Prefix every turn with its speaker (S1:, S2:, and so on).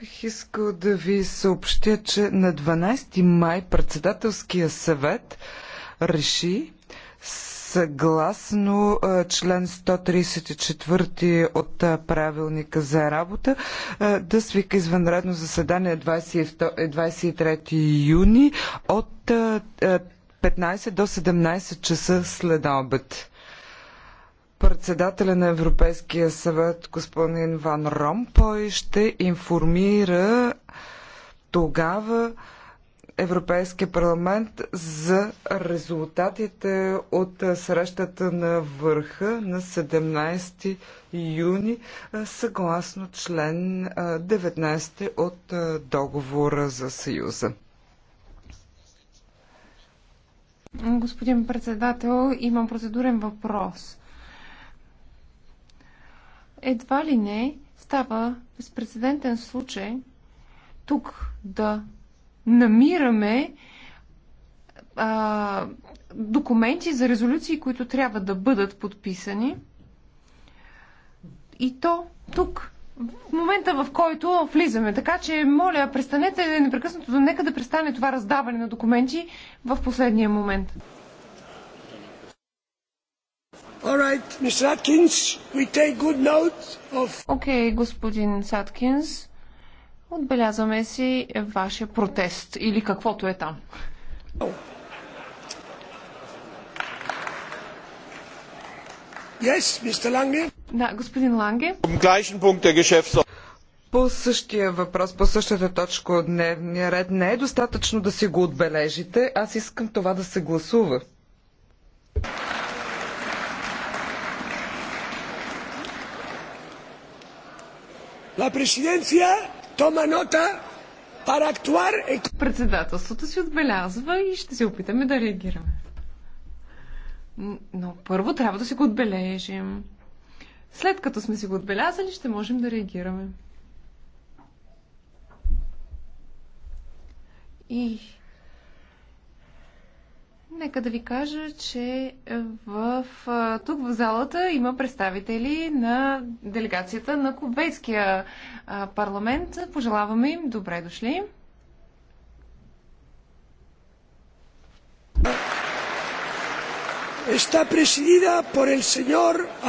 S1: Бих искал да ви съобщя, че на 12 май председателския съвет реши съгласно член 134 от правилника за работа да свика извънредно заседание 23 е, юни от 15 до 17 часа след обед председателя на Европейския съвет господин Ван Ромпой ще информира тогава Европейския парламент за резултатите от срещата на върха на 17 юни съгласно член 19 от договора за Съюза.
S2: Господин председател, имам процедурен въпрос едва ли не става безпредседентен случай тук да намираме а, документи за резолюции, които трябва да бъдат подписани. И то тук, в момента в който влизаме. Така че, моля, престанете непрекъснато, нека да престане това раздаване на документи в последния момент. Окей, господин Саткинс, отбелязваме си вашия протест или каквото е там. Oh. Yes, Mr. Lange. Да, господин Ланге.
S1: Е по същия въпрос, по същата точка от дневния ред, не е достатъчно да си го отбележите. Аз искам това да се гласува. La presidencia
S2: toma nota para actuar... Председателството си отбелязва и ще се опитаме да реагираме. Но първо трябва да си го отбележим. След като сме си го отбелязали, ще можем да реагираме. И Нека да ви кажа, че в, тук в залата има представители на делегацията на Кубейския парламент. Пожелаваме им добре дошли.
S1: Está presidida por el señor